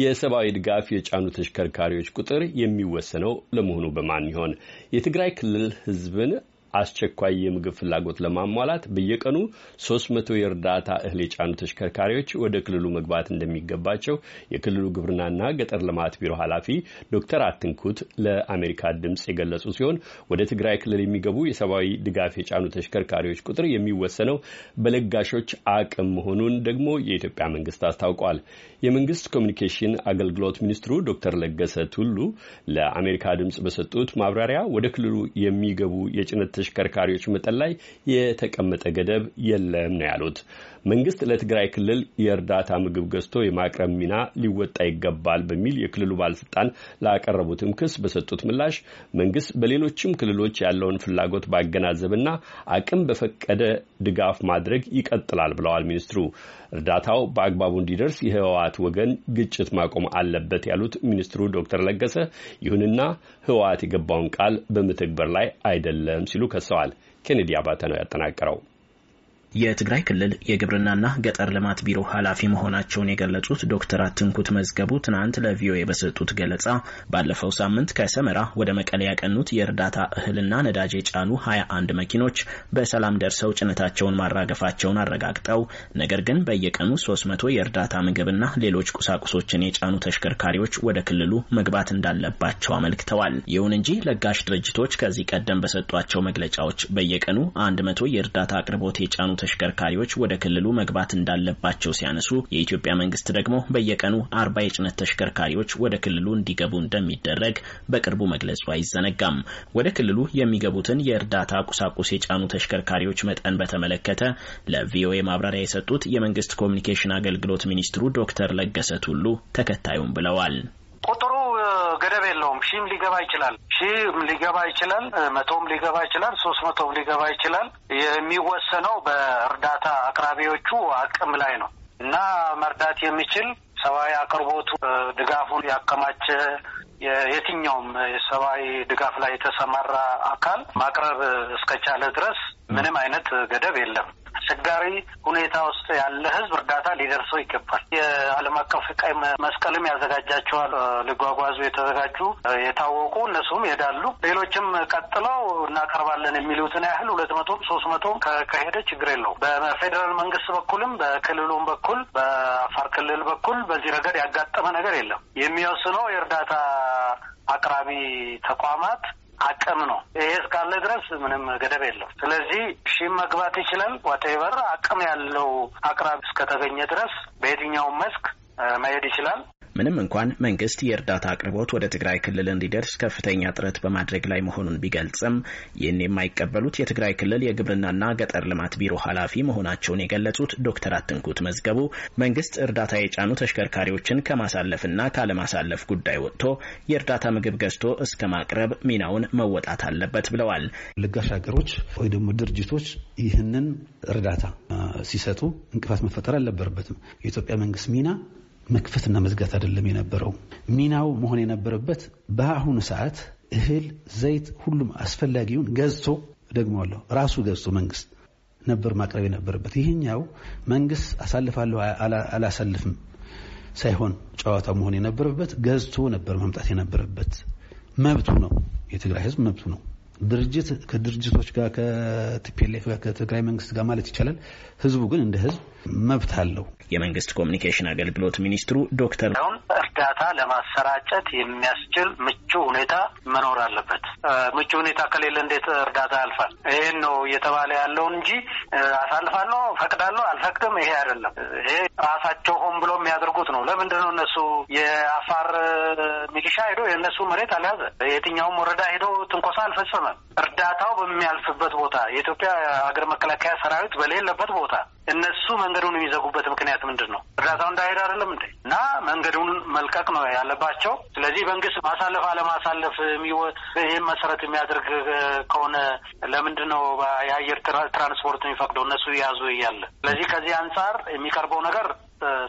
የሰብአዊ ድጋፍ የጫኑ ተሽከርካሪዎች ቁጥር የሚወሰነው ለመሆኑ በማን ይሆን? የትግራይ ክልል ህዝብን አስቸኳይ የምግብ ፍላጎት ለማሟላት በየቀኑ 300 የእርዳታ እህል የጫኑ ተሽከርካሪዎች ወደ ክልሉ መግባት እንደሚገባቸው የክልሉ ግብርናና ገጠር ልማት ቢሮ ኃላፊ ዶክተር አትንኩት ለአሜሪካ ድምፅ የገለጹ ሲሆን ወደ ትግራይ ክልል የሚገቡ የሰብአዊ ድጋፍ የጫኑ ተሽከርካሪዎች ቁጥር የሚወሰነው በለጋሾች አቅም መሆኑን ደግሞ የኢትዮጵያ መንግስት አስታውቋል። የመንግስት ኮሚኒኬሽን አገልግሎት ሚኒስትሩ ዶክተር ለገሰ ቱሉ ለአሜሪካ ድምፅ በሰጡት ማብራሪያ ወደ ክልሉ የሚገቡ የጭነት ተሽከርካሪዎች መጠን ላይ የተቀመጠ ገደብ የለም ነው ያሉት። መንግስት ለትግራይ ክልል የእርዳታ ምግብ ገዝቶ የማቅረብ ሚና ሊወጣ ይገባል በሚል የክልሉ ባለስልጣን ላቀረቡትም ክስ በሰጡት ምላሽ መንግስት በሌሎችም ክልሎች ያለውን ፍላጎት ባገናዘብና አቅም በፈቀደ ድጋፍ ማድረግ ይቀጥላል ብለዋል ሚኒስትሩ። እርዳታው በአግባቡ እንዲደርስ የህወሓት ወገን ግጭት ማቆም አለበት ያሉት ሚኒስትሩ ዶክተር ለገሰ ይሁንና ህወሓት የገባውን ቃል በመተግበር ላይ አይደለም ሲሉ ከሰዋል። ኬኔዲ አባተ ነው ያጠናቀረው። የትግራይ ክልል የግብርናና ገጠር ልማት ቢሮ ኃላፊ መሆናቸውን የገለጹት ዶክተር አትንኩት መዝገቡ ትናንት ለቪኦኤ በሰጡት ገለጻ ባለፈው ሳምንት ከሰመራ ወደ መቀለ ያቀኑት የእርዳታ እህልና ነዳጅ የጫኑ 21 መኪኖች በሰላም ደርሰው ጭነታቸውን ማራገፋቸውን አረጋግጠው ነገር ግን በየቀኑ 300 የእርዳታ ምግብና ሌሎች ቁሳቁሶችን የጫኑ ተሽከርካሪዎች ወደ ክልሉ መግባት እንዳለባቸው አመልክተዋል። ይሁን እንጂ ለጋሽ ድርጅቶች ከዚህ ቀደም በሰጧቸው መግለጫዎች በየቀኑ 100 የእርዳታ አቅርቦት የጫኑ ተሽከርካሪዎች ወደ ክልሉ መግባት እንዳለባቸው ሲያነሱ የኢትዮጵያ መንግስት ደግሞ በየቀኑ አርባ የጭነት ተሽከርካሪዎች ወደ ክልሉ እንዲገቡ እንደሚደረግ በቅርቡ መግለጹ አይዘነጋም። ወደ ክልሉ የሚገቡትን የእርዳታ ቁሳቁስ የጫኑ ተሽከርካሪዎች መጠን በተመለከተ ለቪኦኤ ማብራሪያ የሰጡት የመንግስት ኮሚኒኬሽን አገልግሎት ሚኒስትሩ ዶክተር ለገሰ ቱሉ ተከታዩም ብለዋል። ገደብ የለውም። ሺም ሊገባ ይችላል፣ ሺም ሊገባ ይችላል፣ መቶም ሊገባ ይችላል፣ ሶስት መቶም ሊገባ ይችላል። የሚወሰነው በእርዳታ አቅራቢዎቹ አቅም ላይ ነው እና መርዳት የሚችል ሰብአዊ አቅርቦቱ ድጋፉን ያከማቸ የትኛውም የሰብአዊ ድጋፍ ላይ የተሰማራ አካል ማቅረብ እስከቻለ ድረስ ምንም አይነት ገደብ የለም። አስቸጋሪ ሁኔታ ውስጥ ያለ ህዝብ እርዳታ ሊደርሰው ይገባል። የዓለም አቀፍ ቀይ መስቀልም ያዘጋጃቸዋል ሊጓጓዙ የተዘጋጁ የታወቁ እነሱም ይሄዳሉ። ሌሎችም ቀጥለው እናቀርባለን የሚሉትን ያህል ሁለት መቶም ሶስት መቶም ከሄደ ችግር የለው። በፌዴራል መንግስት በኩልም በክልሉም በኩል በአፋር ክልል በኩል በዚህ ረገድ ያጋጠመ ነገር የለም። የሚወስነው የእርዳታ አቅራቢ ተቋማት አቅም ነው። ይሄ እስካለ ድረስ ምንም ገደብ የለም። ስለዚህ ሺ መግባት ይችላል። ዋቴቨር አቅም ያለው አቅራቢ እስከተገኘ ድረስ በየትኛውም መስክ መሄድ ይችላል። ምንም እንኳን መንግስት የእርዳታ አቅርቦት ወደ ትግራይ ክልል እንዲደርስ ከፍተኛ ጥረት በማድረግ ላይ መሆኑን ቢገልጽም ይህን የማይቀበሉት የትግራይ ክልል የግብርናና ገጠር ልማት ቢሮ ኃላፊ መሆናቸውን የገለጹት ዶክተር አትንኩት መዝገቡ መንግስት እርዳታ የጫኑ ተሽከርካሪዎችን ከማሳለፍና ካለማሳለፍ ጉዳይ ወጥቶ የእርዳታ ምግብ ገዝቶ እስከ ማቅረብ ሚናውን መወጣት አለበት ብለዋል። ለጋሽ ሀገሮች ወይ ደግሞ ድርጅቶች ይህንን እርዳታ ሲሰጡ እንቅፋት መፈጠር አልነበረበትም። የኢትዮጵያ መንግስት ሚና መክፈትና መዝጋት አይደለም የነበረው። ሚናው መሆን የነበረበት በአሁኑ ሰዓት እህል፣ ዘይት፣ ሁሉም አስፈላጊውን ገዝቶ ደግሞለሁ ራሱ ገዝቶ መንግስት ነበር ማቅረብ የነበረበት። ይህኛው መንግስት አሳልፋለሁ አላሳልፍም ሳይሆን ጨዋታው መሆን የነበረበት ገዝቶ ነበር መምጣት የነበረበት። መብቱ ነው፣ የትግራይ ህዝብ መብቱ ነው። ድርጅት ከድርጅቶች ጋር ከቲፒኤልኤፍ ጋር ከትግራይ መንግስት ጋር ማለት ይቻላል። ህዝቡ ግን እንደ ህዝብ መብት አለው። የመንግስት ኮሚኒኬሽን አገልግሎት ሚኒስትሩ ዶክተር አሁን እርዳታ ለማሰራጨት የሚያስችል ምቹ ሁኔታ መኖር አለበት። ምቹ ሁኔታ ከሌለ እንዴት እርዳታ ያልፋል? ይህን ነው እየተባለ ያለው እንጂ አሳልፋለሁ፣ ፈቅዳለሁ፣ አልፈቅድም ይሄ አይደለም። ይሄ ራሳቸው ሆን ብሎ የሚያደርጉ እነሱ የአፋር ሚሊሻ ሄዶ የእነሱ መሬት አልያዘ። የትኛውም ወረዳ ሄዶ ትንኮሳ አልፈጸመም። እርዳታው በሚያልፍበት ቦታ የኢትዮጵያ ሀገር መከላከያ ሰራዊት በሌለበት ቦታ እነሱ መንገዱን የሚዘጉበት ምክንያት ምንድን ነው? እርዳታው እንዳሄድ አይደለም እንዴ? እና መንገዱን መልቀቅ ነው ያለባቸው። ስለዚህ መንግስት ማሳለፍ አለማሳለፍ ይህም መሰረት የሚያደርግ ከሆነ ለምንድን ነው የአየር ትራንስፖርት የሚፈቅደው እነሱ የያዙ እያለ? ስለዚህ ከዚህ አንጻር የሚቀርበው ነገር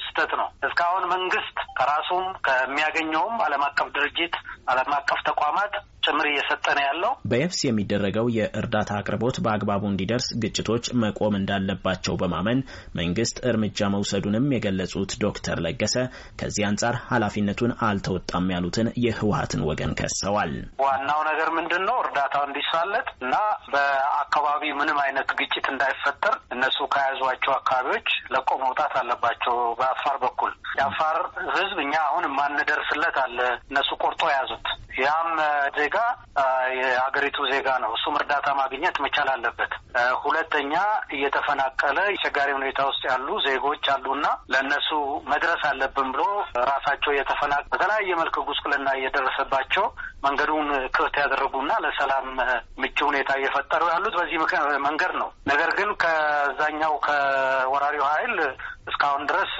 ስህተት ነው። እስካሁን መንግስት ከራሱም ከሚያገኘውም ዓለም አቀፍ ድርጅት ዓለም አቀፍ ተቋማት ጭምር እየሰጠ ነው ያለው። በየብስ የሚደረገው የእርዳታ አቅርቦት በአግባቡ እንዲደርስ ግጭቶች መቆም እንዳለባቸው በማመን መንግስት እርምጃ መውሰዱንም የገለጹት ዶክተር ለገሰ ከዚህ አንጻር ኃላፊነቱን አልተወጣም ያሉትን የህወሀትን ወገን ከሰዋል። ዋናው ነገር ምንድን ነው? እርዳታው እንዲሳለጥ እና በአካባቢ ምንም አይነት ግጭት እንዳይፈጠር እነሱ ከያዟቸው አካባቢዎች ለቆ መውጣት አለባቸው። በአፋር በኩል የአፋር ህዝብ እኛ አሁን የማንደርስለት አለ እነሱ ቆርጦ የያዙት ያም ዜጋ የሀገሪቱ ዜጋ ነው። እሱም እርዳታ ማግኘት መቻል አለበት። ሁለተኛ እየተፈናቀለ አስቸጋሪ ሁኔታ ውስጥ ያሉ ዜጎች አሉና ለእነሱ መድረስ አለብን ብሎ ራሳቸው የተፈናቀ በተለያየ መልክ ጉስቁልና እየደረሰባቸው መንገዱን ክፍት ያደረጉና ለሰላም ምቹ ሁኔታ እየፈጠሩ ያሉት በዚህ መንገድ ነው። ነገር ግን ከዛኛው ከወራሪው ኃይል እስካሁን ድረስ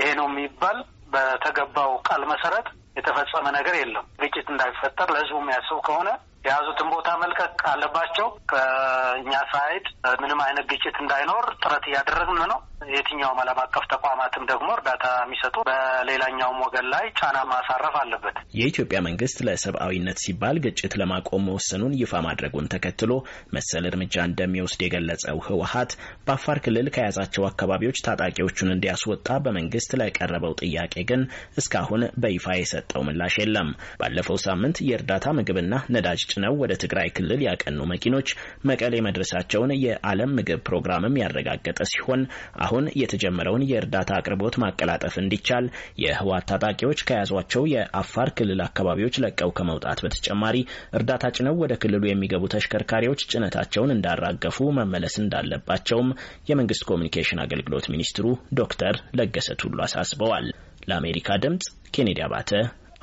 ይሄ ነው የሚባል በተገባው ቃል መሰረት የተፈጸመ ነገር የለም። ግጭት እንዳይፈጠር ለህዝቡ የሚያስብ ከሆነ የያዙትን ቦታ መልቀቅ አለባቸው። ከእኛ ሳይድ ምንም አይነት ግጭት እንዳይኖር ጥረት እያደረግን ነው። የትኛውም ዓለም አቀፍ ተቋማትም ደግሞ እርዳታ የሚሰጡ በሌላኛውም ወገን ላይ ጫና ማሳረፍ አለበት። የኢትዮጵያ መንግስት ለሰብአዊነት ሲባል ግጭት ለማቆም መወሰኑን ይፋ ማድረጉን ተከትሎ መሰል እርምጃ እንደሚወስድ የገለጸው ህወሀት በአፋር ክልል ከያዛቸው አካባቢዎች ታጣቂዎቹን እንዲያስወጣ በመንግስት ለቀረበው ጥያቄ ግን እስካሁን በይፋ የሰጠው ምላሽ የለም። ባለፈው ሳምንት የእርዳታ ምግብና ነዳጅ ተጭነው ወደ ትግራይ ክልል ያቀኑ መኪኖች መቀሌ መድረሳቸውን የዓለም ምግብ ፕሮግራምም ያረጋገጠ ሲሆን አሁን የተጀመረውን የእርዳታ አቅርቦት ማቀላጠፍ እንዲቻል የህወሓት ታጣቂዎች ከያዟቸው የአፋር ክልል አካባቢዎች ለቀው ከመውጣት በተጨማሪ እርዳታ ጭነው ወደ ክልሉ የሚገቡ ተሽከርካሪዎች ጭነታቸውን እንዳራገፉ መመለስ እንዳለባቸውም የመንግስት ኮሚኒኬሽን አገልግሎት ሚኒስትሩ ዶክተር ለገሰ ቱሉ አሳስበዋል። ለአሜሪካ ድምጽ ኬኔዲ አባተ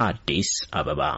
አዲስ አበባ